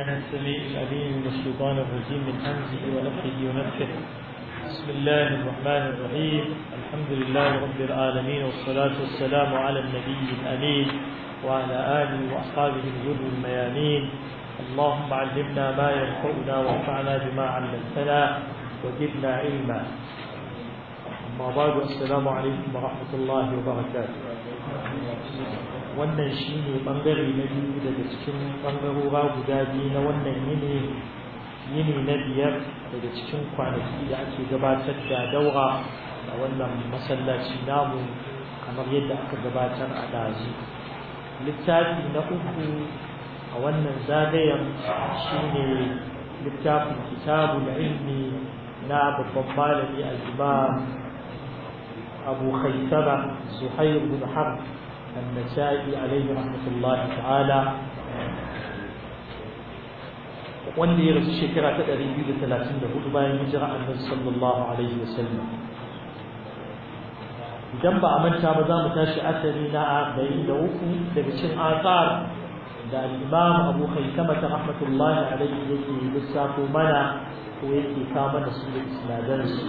الله السميع العليم من الشيطان الرجيم من همزه ونفخه ونفخه بسم الله الرحمن الرحيم الحمد لله رب العالمين والصلاة والسلام على النبي الأمين وعلى آله وأصحابه الغر الميامين اللهم علمنا ما ينفعنا وانفعنا بما علمتنا وزدنا علما أما بعد السلام عليكم ورحمة الله وبركاته wannan shi ne ɓangare na biyu daga cikin ɓangarora guda biyu na wannan yini yini na biyar daga cikin kwanaki da ake gabatar da daura a wannan masallaci namu kamar yadda aka gabatar a dazu littafi na uku a wannan zagayen shi ne littafin kitabul ilmi na babban malami a abu khaisara zuhair bin harb النسائي عليه رحمة الله تعالى wanda ya rasu shekara ta 234 bayan hijira annabi sallallahu alaihi wasallam idan ba a manta ba za mu tashi asali na 43 daga cin asar da al-imam Abu Haythama ta rahmatullahi alaihi yake lissafo mana ko yake kama da su da isnadansu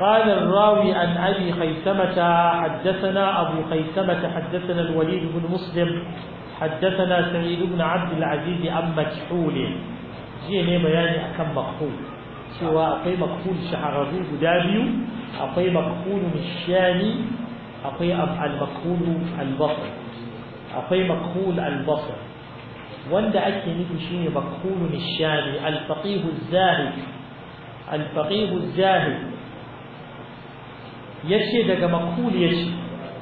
قال الراوي عن أبي خيثمة حدثنا أبو خيثمة حدثنا الوليد بن مسلم حدثنا سعيد بن عبد العزيز عن مكحول جيني بيان أكم مكحول سوى أقي مكحول شعرغي دابيو أقي مكحول الشامي أقي المكحول البصر أقي مكحول البصر وند أكي نفي شيني مكحول الشامي الفقيه الزاهد الفقيه الزاهد yace daga makul yace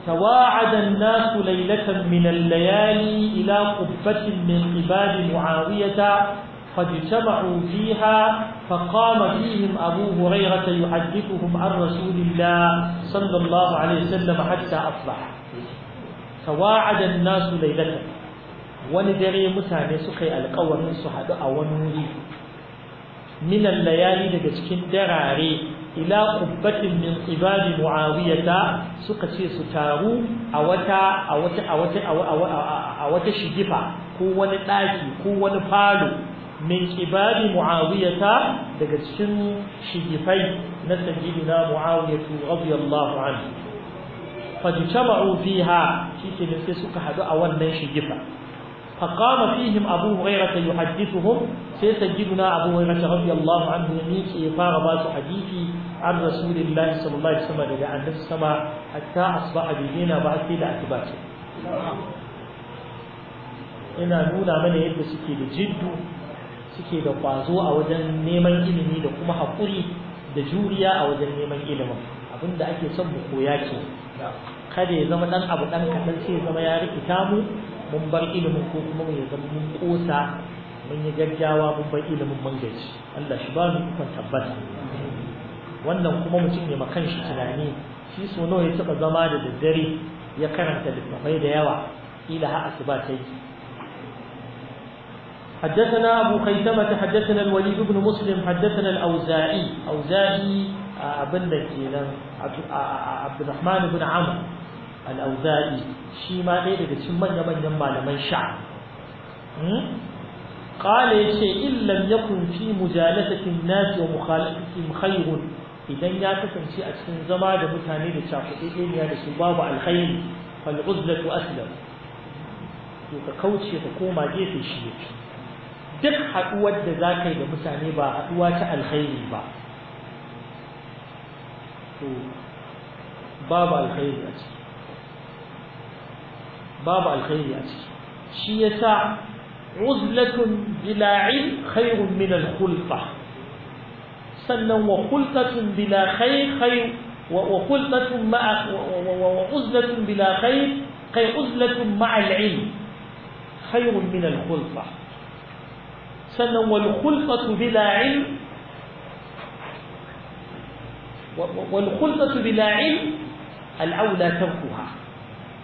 tawa'ada an-nasu laylatan min ila qubbatin min ibadi mu'awiyata fa jama'u fiha fa qama fihim abu hurayra yuhaddithuhum an rasulillah sallallahu alayhi wasallam hatta asbah tawa'ada an-nasu laylatan wani dare mutane suka yi alƙawarin su haɗu a wani wuri min layali daga cikin darare ila kubbatin min qibali muawiyata suka ce su taru a wata a wata a wata a wata shigifa ko wani daki ko wani falo min qibali muawiyata daga cikin shigifai na sayyidina muawiyatu radiyallahu anhu fajtama'u fiha shi ne sai suka hadu a wannan shigifa فقام فيهم أبو هريرة يحدثهم سيسجدنا أبو هريرة رضي الله عنه يميك إفار باس حديثي عن رسول الله صلى الله عليه وسلم إلى أن السماء حتى أصبح بيننا بعد كده أتباته ina nuna mana yadda suke da jiddu suke da kwazo a wajen neman ilimi da kuma haƙuri da juriya a wajen neman ilimin abinda ake son mu koya ke kada ya zama dan abu dan kaɗan sai ya zama ya rikita mu mun bar ilimin ko kuma mu zama mun kosa mun yi gaggawa mun bar ilimin mun gaji Allah shi ba mu ikon tabbata wannan kuma mutum ma makan shi tunani shi so nawa ya taba zama da daddare ya karanta littafai da yawa ila ha asuba ta yi حدثنا أبو خيثمة حدثنا الوليد بن مسلم حدثنا الأوزاعي أوزاعي أبن عبد الرحمن بن عمرو al shi ma ɗaya daga cikin manya-manyan malaman sha hmm? qala yace illan ya fi mujalasati an-nas wa mukhalafatihim khayrun idan ya kasance a cikin zama da mutane da cakuɗeɗeniya da su babu alkhairi fal aslam to ka kauce ka koma gefe shi yafi duk haɗuwar da za ka yi da mutane ba haɗuwa ta alkhairi ba to babu alkhairi a ciki بابا الخير يأتي يعني. شيء عزلة بلا علم خير من الخلطة سنة وخلطة بلا خير خير وخلطة مع وعزلة بلا خير خير عزلة مع العلم خير من الخلطة سنة والخلطة بلا علم والخلطة بلا علم الأولى تركها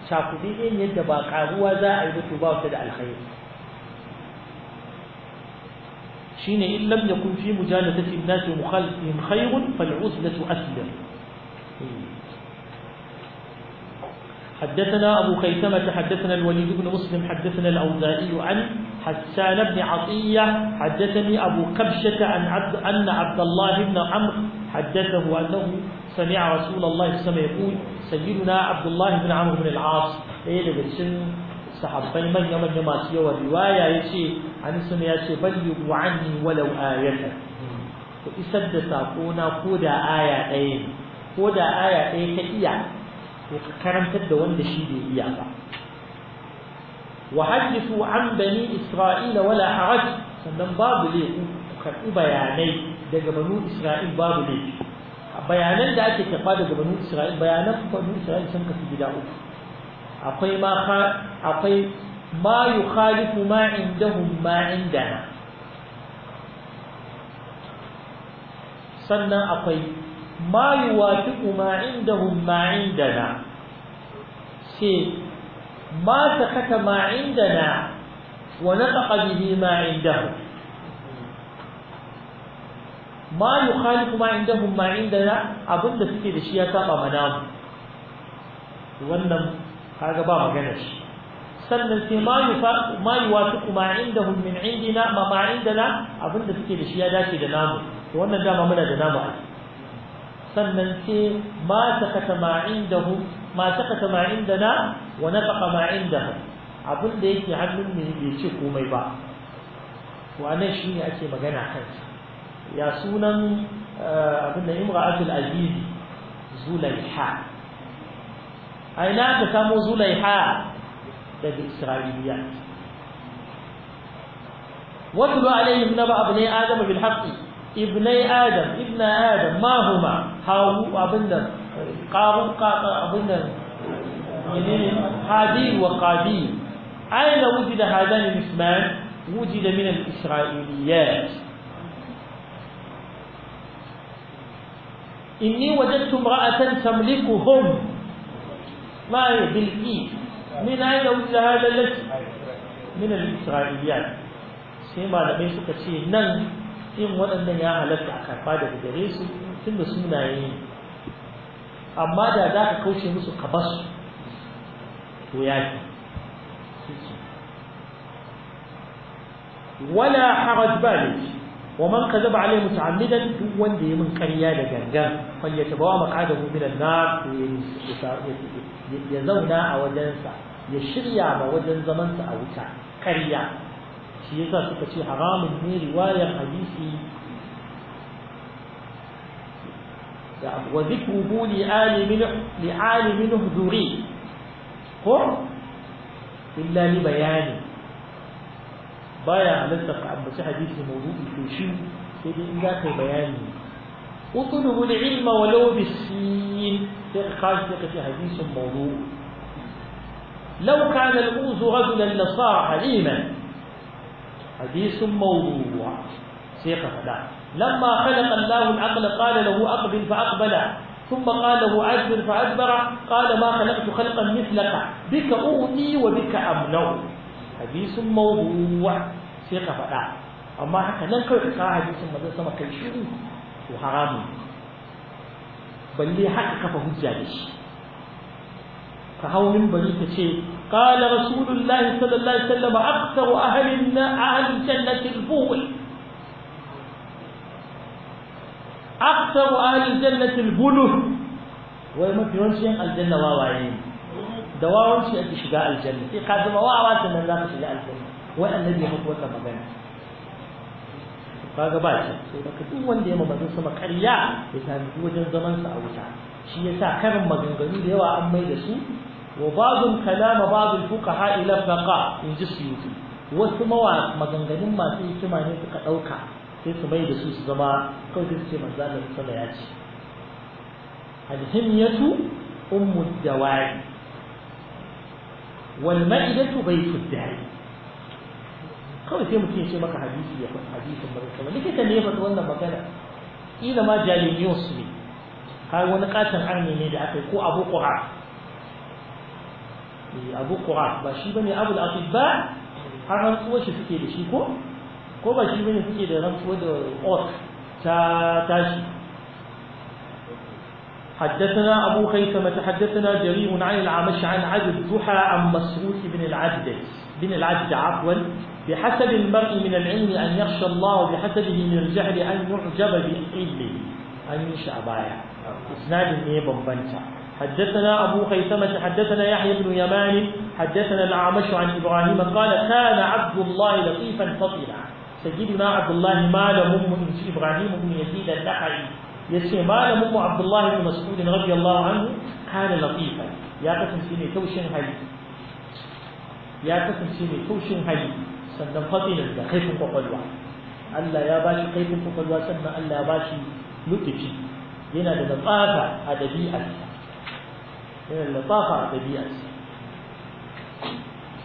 cakuɗe ne yadda ba ƙaruwa za a yi mutu ba wata da alkhairi shine in lam yakun fi mujalatati an-nas wa mukhalafihim khayrun fal'uslatu aslam حدثنا أبو خيثمة حدثنا الوليد بن مسلم حدثنا الأوزائي عن حسان بن عطية حدثني أبو قبشة عن عبد أن عبد الله بن عمرو حدثه أنه سمع رسول الله صلى الله عليه وسلم يقول سيدنا عبد الله بن عمرو بن العاص manya-manya masu yawan riwaya ya ce anisuna ya ce balli wa'anni walau ayata ku isar da sakona ko da ya ɗaya ko da aya ɗaya ka iya ko karantar da wanda shi bai iya ba wa hadithu an bani isra'ila wala haraj sannan babu laifi ku karɓi bayanai daga banu isra'il babu ne bayanan da ake karɓa daga banu isra'il bayanan banu isra'il sun kasu gida uku akwai ma akwai ma yukhalifu ma indahum ma indana sannan akwai ma yuwafiqu ma indahum ma indana sai ma sakata ma indana wa nataqa bihi ma indahum ma yukhalifu ma indahum ma na abinda suke da shi ya saba mana wannan kaga ba magana shi sannan sai ma yufa ma yuwafiqu ma indahum min indina ma ma na abinda suke da shi ya dace da namu to wannan dama muna da namu ai sannan sai ma sakata ma indahum ma sakata ma indana wa nafaqa ma indahum abinda yake hannun mu bai ce komai ba to anan shine ake magana kansa ya sunan abin da imra'atul aziz zulaiha aina ta ka samo zulaiha daga isra'iliya watlu alaihim naba abnai adam bil haqqi ibnai adam ibna adam ma huma hawu abinda qabu qaba abinda abin menene hadi wa qadi aina wujida hadani al-isman wujida min al-isra'iliyat إني وجدت امرأة تملكهم ما هي من أين ولد هذا الذي من الإسرائيليين سيما لمن سكتشي نن إن وأن يا ألف أكاد بعد الدريس ثم سمنا إيه أما ذا ذاك كل شيء مسو كبش وياك ولا حرج بالي ومن كذب عليه متعمدا دو وند يمن قريا ده غنغا فليتبوا مقعده من النار يزودا اوجنسا يشريا ما وجن زمانسا اوتا قريا shi yasa suka ce haramun ne riwayar hadisi da wa zikruhu li alimin li alimin huzuri ko illa li bayani baya على ka ambaci hadisi mawdu'i to shi سيدي ان in za ka العلم ولو بالسين walaw bisin sai ka kawo لو كان الموز رجلا لصار حليما حديث موضوع سيقة لا لما خلق الله العقل قال له أقبل فأقبل ثم قال له أجبر فأجبر قال ما خلقت خلقا مثلك بك أغني وبك أمنو hadisin mawdu'a sai ka faɗa amma haka nan kawai ka kawo hadisin manzon sama kai shiru to haramun balle haka kafa hujja da shi ka hau bari ka ce قال رسول sallallahu صلى الله عليه وسلم na أهل أهل الجنة البول أكثر أهل الجنة wai وما في وجه الجنة واواعين da wawanci ake shiga aljanna sai ka zama wawa sannan za ka shiga aljanna wai annabi ya muku wannan magana kaga ba shi sai baka duk wanda ya ma manzon sama karya ya sami wajen zaman sa a wuta shi yasa karin maganganu da yawa an mai da su wa badun kalama ba'd al-fuqaha ila faqa in ji yi. wasu mawa maganganun masu hikima ne suka ɗauka sai su mai da su su zama kawai su ce manzon sama ya ce alhimyatu ummu dawai wal ma'idatu baytu da'i kawai sai mutum ya ce maka hadisi ya faɗi hadisin barka likita ne ya wannan magana kila ma jalimiyos ne har wani katon arni ne da aka yi ko abu ƙura, abu ƙura ba shi ne abu da ba har rantsuwar shi suke da shi ko ko ba shi ne suke da rantsuwar da ot ta tashi حدثنا أبو خيثمة حدثنا جرير عن العمش عن عبد الضحى عن مسروح بن العبد بن العبد عفوا بحسب المرء من العلم أن يخشى الله بحسبه من الجهل أن يعجب بالعلم أن يشع بايع إسناد نيبا بنتا حدثنا أبو خيثمة حدثنا يحيى بن يمان حدثنا العمش عن إبراهيم قال كان عبد الله لطيفا فطيلا سيدنا عبد الله ما لهم من إبراهيم بن يزيد النحعي yace malamin mu Abdullah ibn Mas'ud radiyallahu anhu kana latifa ya kasance ne taushin hali ya kasance ne taushin hali sannan fadilin da kaifin kwakwalwa Allah ya bashi kaifin kwakwalwa sannan Allah ya bashi lutufi yana da latafa a dabi'arsa yana da latafa a dabi'arsa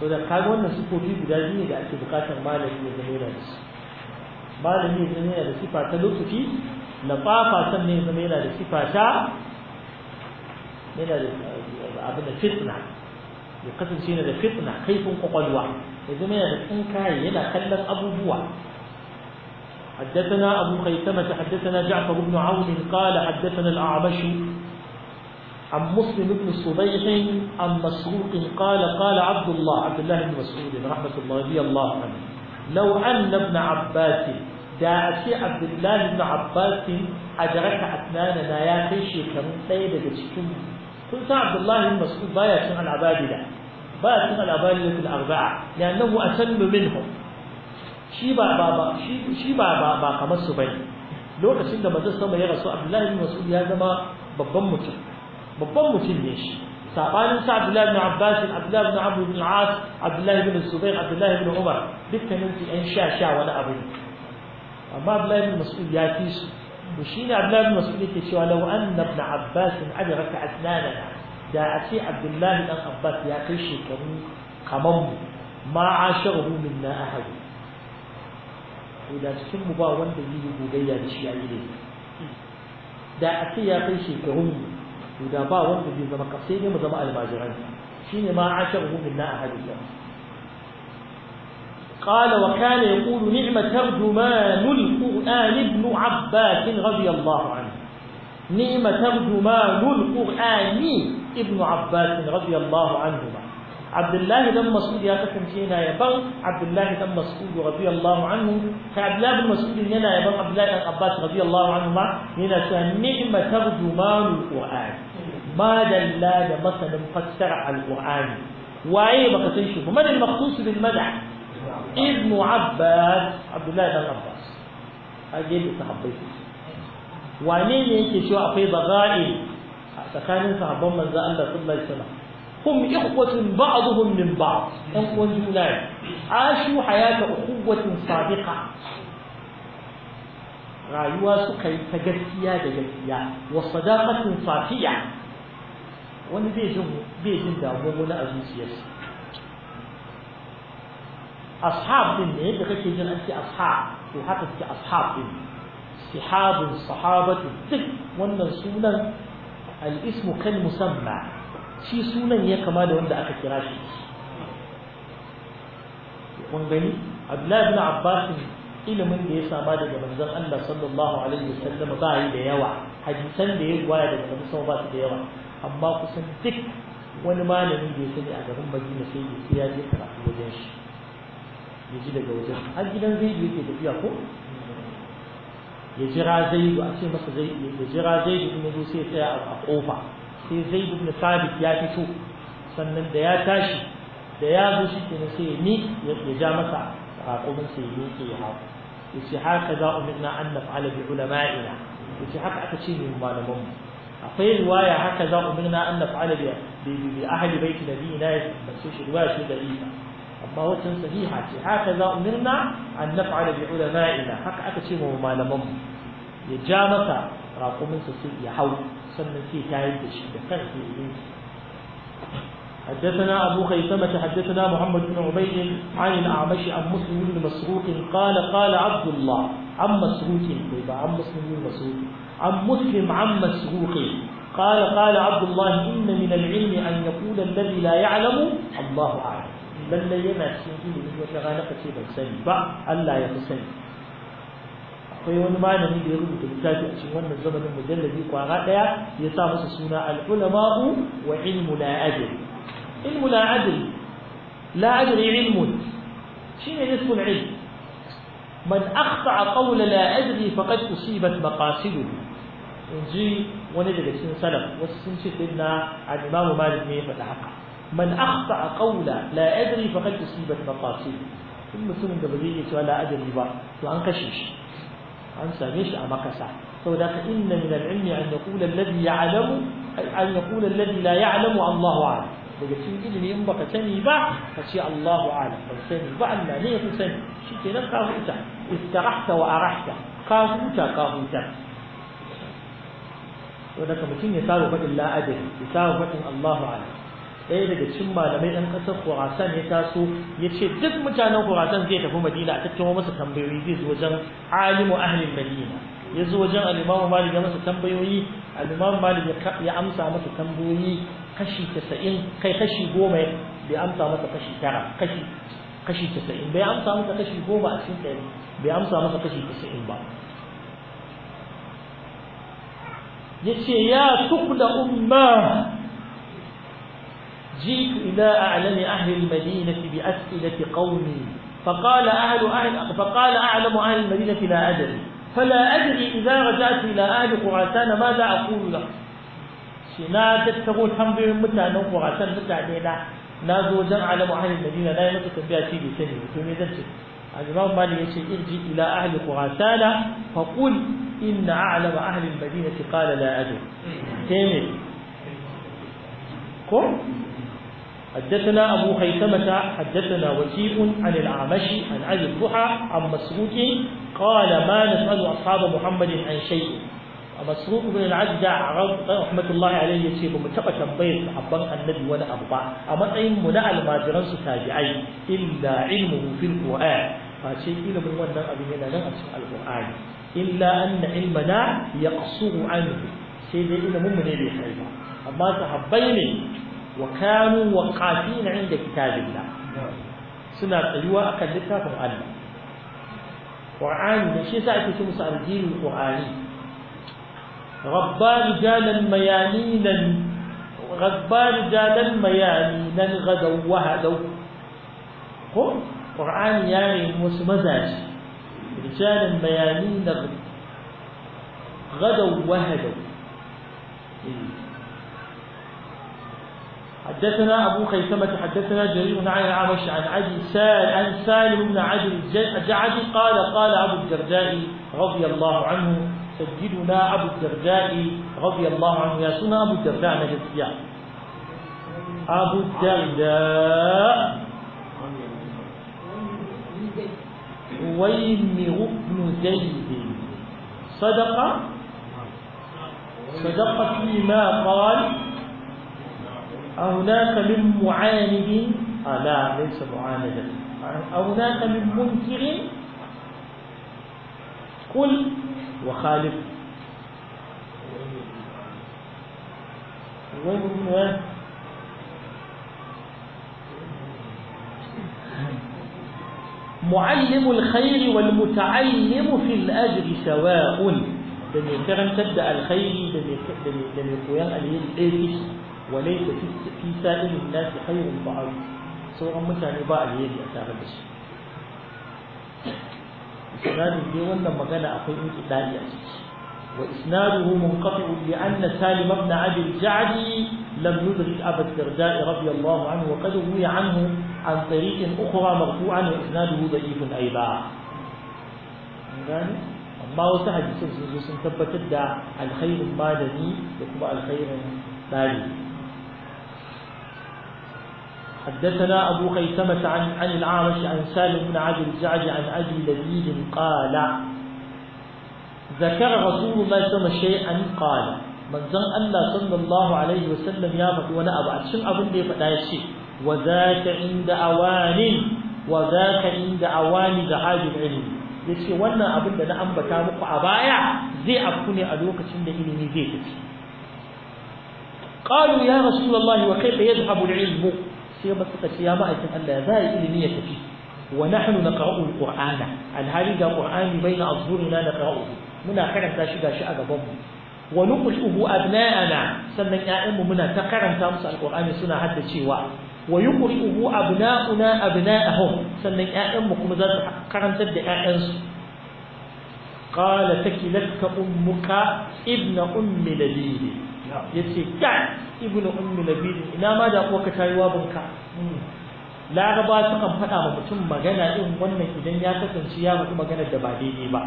so da kaga wannan sifofi guda biyu ne da ake bukatar malami ya zama yana da su malami ya zama yana da sifa ta lutufi لطافة سمي زميلة لصفة yana da abin da fitna ya kasance yana da fitna kaifin kwakwalwa ya zama yana da tsinkaye yana kallon abubuwa حدثنا أبو خيثمة حدثنا جعفر بن عون قال حدثنا الأعمش عن مسلم بن صبيح عن مسروق قال قال عبد الله عبد الله بن مسعود رحمة الله رضي الله عنه لو أن ابن عباس da a ce abdullahi na abbasin a jaraka asnanana ya kai shekarun ɗaya daga cikin kun san abdullahi ibn mas'ud baya cin al'abadila baya cin da fil arba'a li'annahu asallu minhum shi ba ba ba shi ba ba ba kamar su bane lokacin da manzon sama ya rasu abdullahi ibn mas'ud ya zama babban mutum babban mutum ne shi sabanin sa abdullahi ibn abbas abdullahi ibn amr ibn as abdullahi ibn zubair abdullahi ibn umar dukkanin su yan sha sha wani abu ne amma Abdullahi bin Mas'ud ya fi su to shine Abdullahi bin Mas'ud yake cewa law anna ibn Abbas adraka asnanana da a ce Abdullahi dan Abbas ya kai shekaru kaman mu ma ashahu minna ahad to da cikin mu ba wanda yi gogayya da shi a gidan da a ce ya kai shekarun to da ba wanda zai zama kafai ne mu zama almajiran shine ma ashahu minna ahad قال وكان يقول نعم ترجمان القرآن ابن عباس رضي الله عنه نعم ترجمان القرآن ابن عباس رضي الله عنهما عبد الله بن مسعود يا تكن شينا يا بن عبد الله بن مسعود رضي الله عنه عبد الله بن مسعود ينا يا بن عبد الله بن عباس رضي الله عنهما ينا نعم ترجمان القرآن ما دل مثلا فسر القرآن وايه بقى تنشوف من المخصوص بالمدح ابن عباس عبد الله بن عباس هذه اللي تحبيته وانين يكي شو أفيد غائل أتخاني صحبان من ذا الله صلى الله عليه وسلم هم إخوة بعضهم من بعض أخوة جولاي عاشوا حياة أخوة صادقة رايوا سكي تجسيا تجسيا وصداقة صافية وانا بيجن بيجن دا ومولا أزوسي يسر ashab din ne da kake jin an ce ashab to haka ce ashab din sahabun sahabatu duk wannan sunan al-ismu kan musamma shi sunan ya kama da wanda aka kira shi kun gani Abdullahi bin Abbas ilimin da ya sama daga manzon Allah sallallahu alaihi wasallam ba yi da yawa hadisan da ya gwaya daga manzon ba su da yawa amma kusan duk wani malami da ya sani a garin Madina sai ya je karatu wajen shi ya ji daga wajen har gidan zaidu yake tafiya ko ya jira zaidu a ce masa zaidu ya jira zai zaidu kuma sai ya tsaya a kofa sai zaidu na sabit ya fito sannan da ya tashi da ya zo shi kenan sai ya ni ya ja masa raƙumin sai ya ke ya hau ya ce haka za umirna an naf'ala bi ulama'ina ya ce haka aka ce ne malamanmu akwai riwaya haka za umirna an naf'ala bi ahli baiti nabiyina ya bace shi riwaya shi da isa موت صحيحة هكذا أمرنا أن نفعل بعلمائنا حق أكتشم وما لمم يجامك راقم سسي يحو سنن في تايد الشيء حدثنا أبو خيثمة حدثنا محمد بن عبيد عن الأعمش عن مسلم بن مسروق قال قال عبد الله عن مسروق عن مسلم بن مسروق عن مسلم عن مسروق قال قال عبد الله إن من العلم أن يقول الذي لا يعلم الله أعلم lallai yana cikin ilimi wata rana ka ce ban sani ba Allah ya fi sani akwai wani malami da ya rubuta littafi a cikin wannan zamanin mujallabi kwara daya ya sa masa suna al-ulama'u wa ilmu la ajr ilmu la ajr la ajr ilmun shine nisful ilm من أخطأ قول لا أدري فقد أصيبت مقاصده in ji wani daga cikin salaf wasu sun ce dinna al-imamu malik ne ya faɗi haka من اخطا قولا لا أدري فقد أصيبت مقاصد ثم ثم دبلية ولا أدري بعد فأن قشيش أن سميش أما قسع فذلك إن من العلم أن يقول الذي يعلم أن يقول الذي لا يعلم الله أعلم بجسم إذن ينبقى تني بعد فشي الله أعلم فسني بعد ما ليه تسني شيء كنا كافوتا استرحت وأرحت كافوتا كافوتا وذلك مثل يساوي فإن لا أدري يساوي فإن الله أعلم ɗaya daga cikin malamai ɗan ƙasar Khurasan ya taso ya ce duk mutanen Khurasan zai tafi Madina a tattauna masa tambayoyi zai zo wajen alimu ahlin Madina ya zo wajen Alimamu imam Malik ya masa tambayoyi Alimamu imam Malik ya amsa masa tambayoyi kashi 90 kai kashi goma bai amsa masa kashi tara kashi kashi 90 bai amsa masa kashi goma a cikin ɗari bai amsa masa kashi 90 ba Ya ce ya tukda umma جئت إلى أعلم أهل المدينة بأسئلة قومي فقال أهل أهل فقال أعلم أهل المدينة لا أدري فلا أدري إذا رجعت إلى أهل خراسان ماذا أقول لك شنا تتقول الحمد لله متعنى خراسان علينا؟ نازو جمع أعلم أهل المدينة لا يمتك بها شيء بسنه ثم يدرسك الإمام مالك يشير ارجي إلى أهل خراسان فقل إن أعلم أهل المدينة قال لا أدري كامل كم؟ حدثنا أبو خيثمة حدثنا وكيء عن الأعمش عن أبي الضحى عن مسروق قال ما نسأل أصحاب محمد عن شيء مسروق بن العجدع رحمة الله عليه يتي بمتقى تنبير صحابان النبي ولا أبقى أما أين منع الماجران ستاجعي إلا علمه في القرآن فشيء إلى من وانا أبينا نغسل القرآن إلا أن علمنا يقصر عنه سيدي إلى ممن يلي حيبا أما صحابين وكانوا وقافين عند كتاب الله سنة أيوة أكدتها لتاكم الله قرآن شيء سأتي تمسى الدين القرآني غبا رجالا ميانينا غبا رجالا ميانينا غدوا وهدوا قرآن يعني مسمزاج رجالا ميانينا غدوا وهدوا حدثنا أبو خيثمة حدثنا جرير عن الأعمش عن عدي سال عن سالم بن عدي الجعدي قال قال أبو الدرداء رضي الله عنه سيدنا أبو الدرداء رضي الله عنه يا سنة أبو الدرداء نجسيا أبو الدرداء ويمر بن زيد صدق صدق فيما قال هناك من معاند آه، لا ليس معاندة هناك من منكر قل وخالف وين معلم الخير والمتعلم في الأجر سواء لم يكرم تبدأ الخير دم يكرم الخير وليس في سائل الناس خير بعض سورة مثل عباء اليدي أتغبش إسناد دي ولا مغانا أخي أنت إداري وإسناده منقطع لأن سالم بن عبد الجعدي لم يدرك أبا الدرداء رضي الله عنه وقد روي عنه عن طريق أخرى مرفوعا وإسناده ضعيف أيضا يعني ما وسهل سنتبت الدع الخير المالني يقبع الخير المالني حدثنا أبو خيثمة عن عن العامش عن سالم بن عبد الزعج عن أبي لبيد قال ذكر رسول الله صلى الله عليه وسلم قال من زن الله صلى الله عليه وسلم يا فتي ولا أبعد عشان أبو لي فدا شيء وذاك عند أوان وذاك عند أوان ذهاب العلم yace وانا أبو da na ambata muku a baya zai afku ne a قالوا يا رسول الله وكيف يذهب العلم sai ba suka ce ya ma'aikin Allah za a yi ilimi ya tafi wa nahnu naqra'u al-qur'ana alhali ga qur'ani baina azhurina naqra'u muna karanta shi gashi a gaban mu wa nuqshuhu abna'ana sannan ƴaƴanmu muna ta karanta musu al-Qur'ani suna haddacewa wa yuqshuhu abna'una abna'ahum sannan ƴaƴanmu kuma za su karantar da ƴaƴansu قال تكلتك أمك ابن أم لبيبي yace kai ibnu ummi labid ina ma da ko ka tayi wabinka laraba sukan faɗa ma mutum magana din wannan idan ya kasance ya mutu maganar da ba daidai ba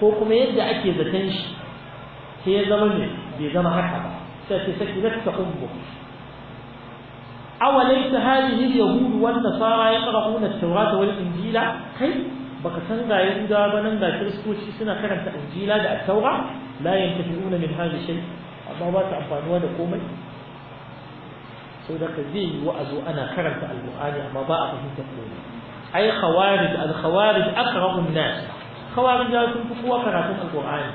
ko kuma yadda ake zaton shi sai ya zama ne bai zama haka ba sai ce saki na ta umbu awalaysa hadhihi hudu wan nasara yaqra'una at-taurata wani injila kai baka san ga yahudawa ba nan ga kiristoci suna karanta injila da at-taura la yantafi'una min hadhihi shay' amma ba ta amfanuwa da komai sau da ka zai yi wa'azo ana karanta alƙur'ani amma ba a fahimta komai ai khawarij al khawarij akrahu an nas khawarij da sun fi kowa karatun alƙur'ani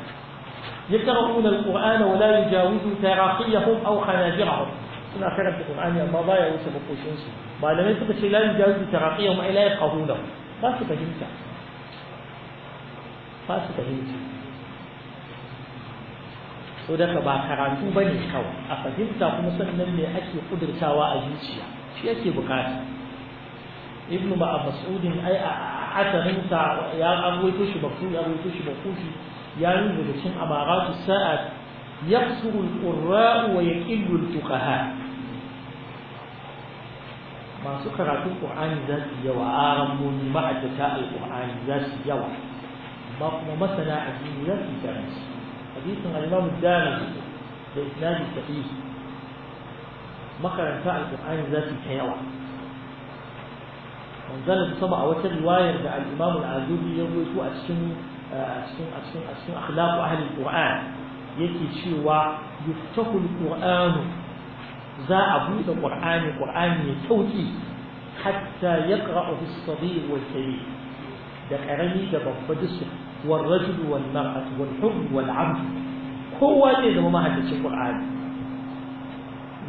يقرؤون القرآن ولا يجاوز تراقيهم أو خناجرهم suna karanta Qur'ani amma ba ya wuce makoshin su malamai suka ce la yujazu taraqiyahum ila yaqahuna ba su fahimta ba su fahimta so daga ba karatu ba ne kawai a fahimta kuma sannan ne ake kudurtawa a zuciya shi yake bukata ibn ba'a mas'udin ai a asarinsa ya arwaito shi baku ya arwaito shi baku ya rubuta cikin amaratu sa'ad yaqsuru al-qurra'u wa yaqillu al-fuqaha masu karatun qur'ani za su yawa aran mun ma'adata al-qur'ani za su yawa ba kuma masana addini za su karanci حديث عن الإمام الدارمي بإسناد التقييد مقر انفاع القرآن ذات الحيوة وانزل بسبع وتر رواية عن الإمام العزوبي يروي سوء السن السن السن السن أخلاق أهل القرآن يكي شوى يفتح القرآن ذا أبوذ القرآن القرآن يتوتي حتى يقرأ في الصغير والكبير ده قرني ده بفضل والرجل والمرأة والحر والعبد هو زي زما zai zama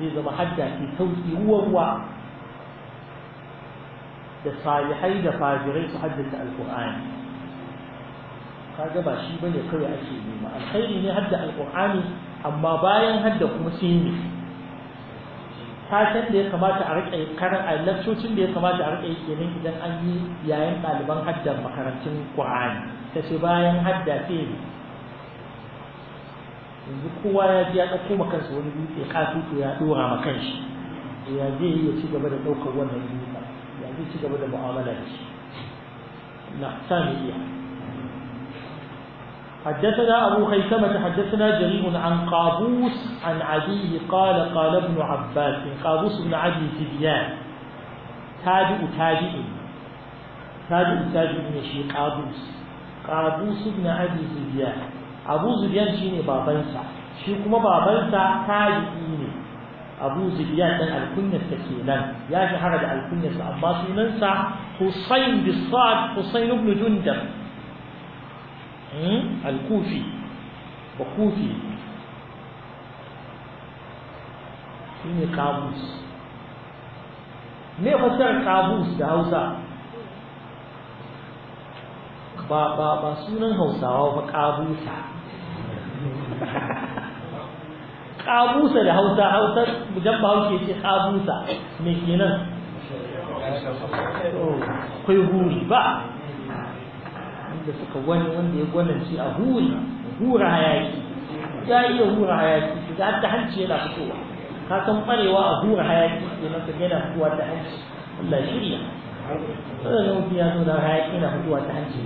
زي زما حدا في صوتي هو هو da salihai da fajirai su haddasa alkur'ani kaga ba shi ne kawai ake nema alkhairi ne hadda alkur'ani amma bayan hadda kuma sun sashen da ya kamata a rike karin a lantocin da ya kamata a rike kenan idan an yi yayin ɗaliban haddar makarantun Qur'ani ta ce bayan hadda ce yanzu kowa ya ji ya ɗauko ma kansa wani dutse katutu ya ɗora ma kanshi ya zai ya ci gaba da ɗaukar wannan dutse ya zai ci gaba da mu'amala da shi na sami iya حدثنا أبو خيثمة حدثنا جريء عن قابوس عن عدي قال قال ابن عباس قابوس بن عدي تبيان تابئ تابئ تابئ تابئ من شيء قابوس قابوس بن عدي تبيان أبو زبيان شيني بابنسا شيكما بابنسا تابئيني أبو زبيان من الكنة تكينا يعني حرد الكنة أباسي منسا حسين بالصاد حسين بن جندب Hmm? al-kufi ba kufi shi ne kabus me fasar kabus da hausa ba ba ba sunan hausawa ba kabusa kabusa da hausa hausa mujan ba hauke ce kabusa me kenan kai huri ba da suka wani wanda ya gwanin shi a huri hura hayaki ya yi hura hayaki su ga ta hanci yana fitowa ka san barewa a hura hayaki ke nan kaga da fitowa ta hanci Allah shirya kada ne mutum ya zo da hayaki yana fitowa ta hanci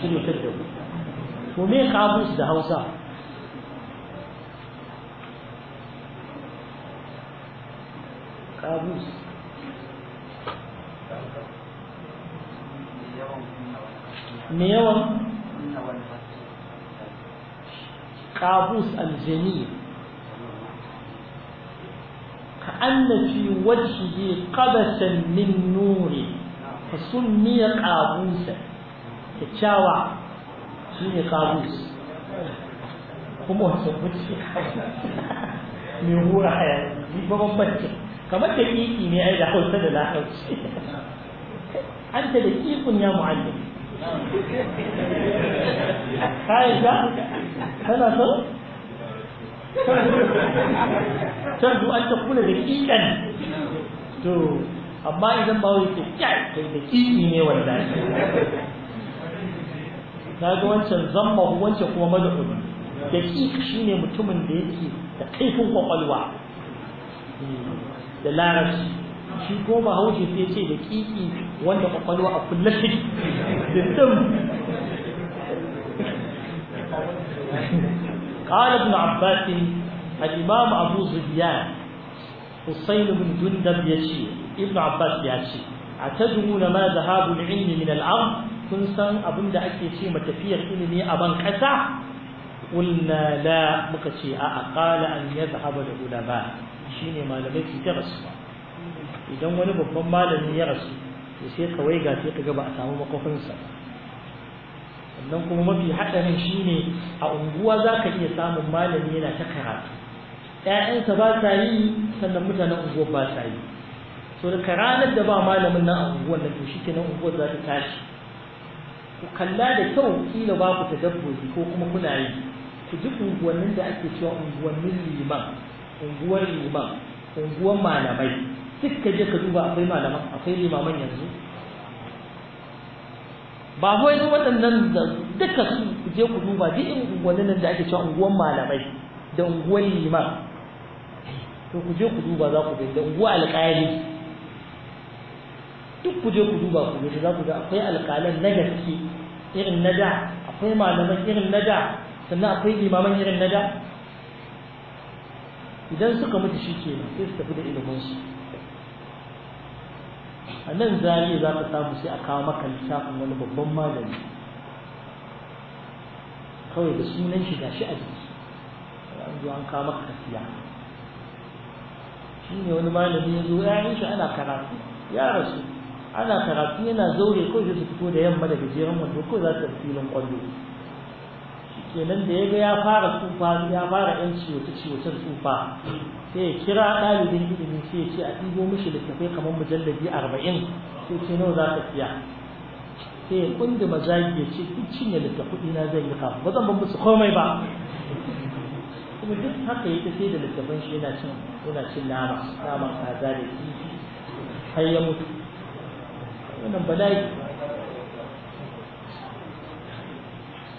shirya ta da to me kabus da Hausa kabus me yawan قابوس الجميل كأن في وجهه قبسا من نور فسمي قابوسا تشاوى شيني قابوس kuma wasu wuce mai hura hayani mabambancin kamar da ƙiƙi ne ai da hausa da lahauci ƙiƙun ya ka tana kana so tardu an ta da kikan amma idan ba wai kai kai da kiki ne wallahi ga wancan zamma wancan kuma mad'un da kiki shine mutumin da yake da kaifin kwakwalwa hmm. da larabci shi goma haushe sai ce da kiki wanda kwakwalwa a kullashi da tun kala ibn abbasin al'imam abu zubiyar husain ibn dundab ya ibn abbas ya ce a ta da ma zahabu ilmi min al'am kun san abin da ake ce matafiyar ilimi a ban kasa ƙulna la muka ce a aƙala an yi zahaba da ulama shi ne malamai su ta idan wani babban malami ya rasu to sai ka waiga sai ka ga ba a samu makofinsa sannan kuma mafi haɗarin shine a unguwa za ka iya samun malami yana ta karatu ‘ya'yansa ba sa yi sannan mutanen unguwar ba sa yi so da ranar da ba malamin nan a unguwar nan to shi nan unguwar za ta tashi ku kalla da kyau kila ba ku ta dabbobi ko kuma kuna yi ku ji unguwannin da ake cewa unguwannin liman unguwar liman unguwar malamai duk ka je ka duba akwai malaman akwai limaman yanzu ba kawai ba waɗannan da duka su je ku duba duk irin unguwannin da ake cewa unguwan malamai da unguwan liman to ku je ku duba za ku gani da unguwa alƙali duk ku je ku duba ku gani za ku ga akwai alƙalan na gaske irin na da akwai malaman irin na da sannan akwai limaman irin na da idan suka mutu shi ke sai su tafi da iliminsu a nan zari za ka samu sai a kawo maka littafin wani babban magani kawai da sunan shi shi a jiki an zo an kawo maka kasiya shi ne wani malami ya zo ya shi ana karatu ya rasu ana karatu yana zaure kawai su fito da yamma daga gajeren wando ko za ta filin kwallo kenan da ya ga ya fara tsufa ya fara yan ciwoce ciwocen tsufa sai ya kira ɗalibin ilimin sai ya ce a ɗigo mishi littafai kamar mujallabi arba'in sai ce nawa za ka siya sai ya kundi mazaki ya ce duk cinye littafi na zai yi kafin ba zan ban musu komai ba kuma duk haka ya tafi da littafin shi yana cin yana nama kaza da kifi ya mutu wannan bala'i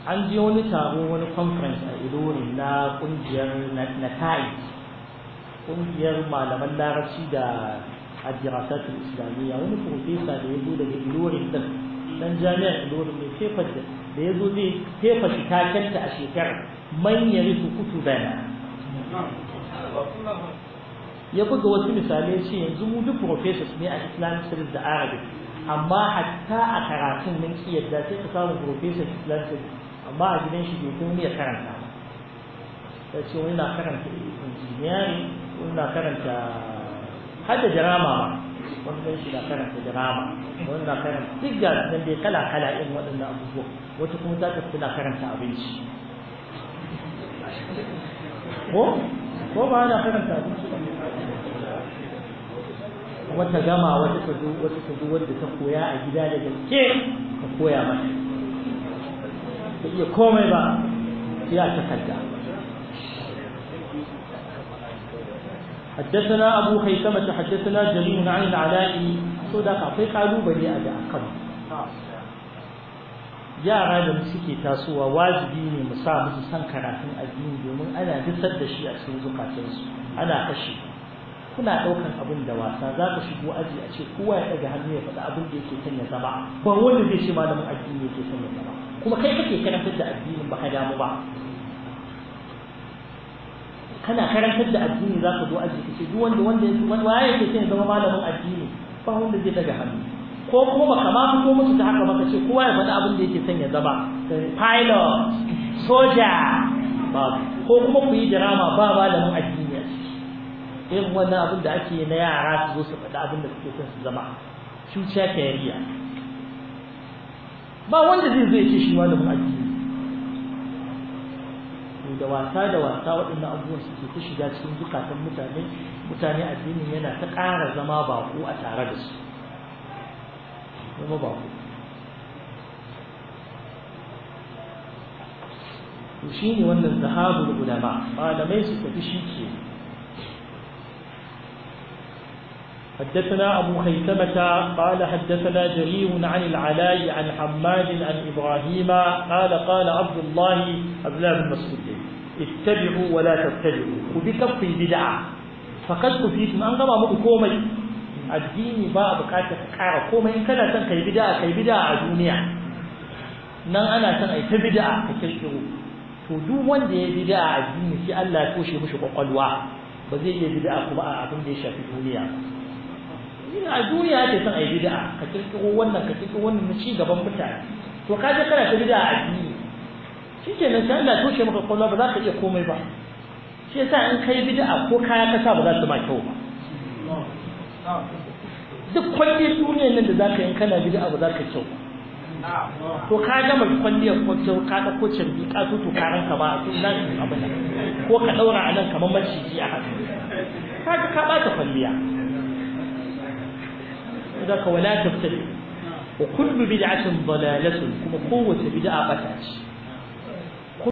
an je wani taro wani conference a ilori na kungiyar natai kungiyar malaman larabci da adirasatul islamiyya wani profesa da ya zo daga ilori da dan jami'ar ilori ne paper da ya zo zai paper ta takenta a shekarar man kutu bana ya buga wasu misalai ce yanzu mu duk professors ne a islamic studies da arabic amma hatta a karatun mun ki yadda sai ka samu professor islamic studies amma a gidan shi bai kun karanta ta ce wani na karanta injiniyari wani na karanta har da jarama ma wani ɗan shi na karanta jarama wani na karanta duk ga dai kala kala irin waɗannan abubuwa wata kuma za ta fi na karanta abinci ko ko ba na karanta abinci wata gama wata ta zo wata ta zo ta koya a gida da ke ka koya mata ka iya komai ba ya takarda حدثنا أبو خيثمة حدثنا جميل عن العلاء صدق في قالوا بني أبي أقم yara da mu suke tasowa wajibi ne mu sa musu san karatun addini domin ana dusar da shi a cikin zukatansu ana kashe kuna ɗaukan abin da wasa za ka shigo aji a ce kowa ya ɗaga hannu ya faɗi abin da yake son ya zama ba wanda zai ce malamin addini yake son ya zama kuma kai kake karantar da addinin baka damu ba kana karantar da addini za ka zo aji ka ce duk wanda wanda wanda waye yake sai zama malamin addini ba wanda zai daga hannu ko kuma baka ma fito musu da haka baka ce kowa ya faɗi abin da yake son ya zama pilot soja ba ko kuma ku yi drama ba malamin addini a ciki irin wannan abin da ake na yara su zo su faɗi abin da suke son su zama future career ba wanda zai zo ce shi malamin addini to da wasa da wasa waɗannan abubuwan suke ta shiga cikin zukatan mutane mutane addini yana ta ƙara zama baƙo a tare da su Kuma baƙo to shi ne wannan zahabul ulama malamai su tafi shi ke حدثنا أبو خيثمة قال حدثنا جرير عن العلاء عن حماد عن إبراهيم قال قال عبد الله عبد الله بن مسعود اتبعوا ولا تتبعوا وبكف البدعة فقد كفيتم أن غما مكو كومي الدين با بكاتا كارا كومي إن كان سن كي بدعة كي بدعة الدنيا نان أنا سن أي تبدعة كتشترو to duk wanda ya bid'a addini sai Allah ya toshe mishi kwakwalwa ba zai iya bid'a kuma a abin da ya shafi duniya ba a duniya ake son a yi bida'a ka kirkiro wannan ka kirkiro wannan na ci gaban mutane to ka je kana ta bida'a a ke nan sai Allah toshe maka kwallo ba za ka iya komai ba shi yasa in kai bida'a ko kaya ka sa ba za su ma kyau ba duk kwalliyar duniyar nan da za ka yi kana bida'a ba za ka kyau ba to ka gama kwalliyar kwanciyar ka ɗauko cirbi ka tutu ka ka ba tun za abin ko ka ɗaura a nan kamar maciji a haka ka ka ɓata kwalliya ذاك ولا تبتدع وكل بدعة ضلالة كما بدعة بتاعش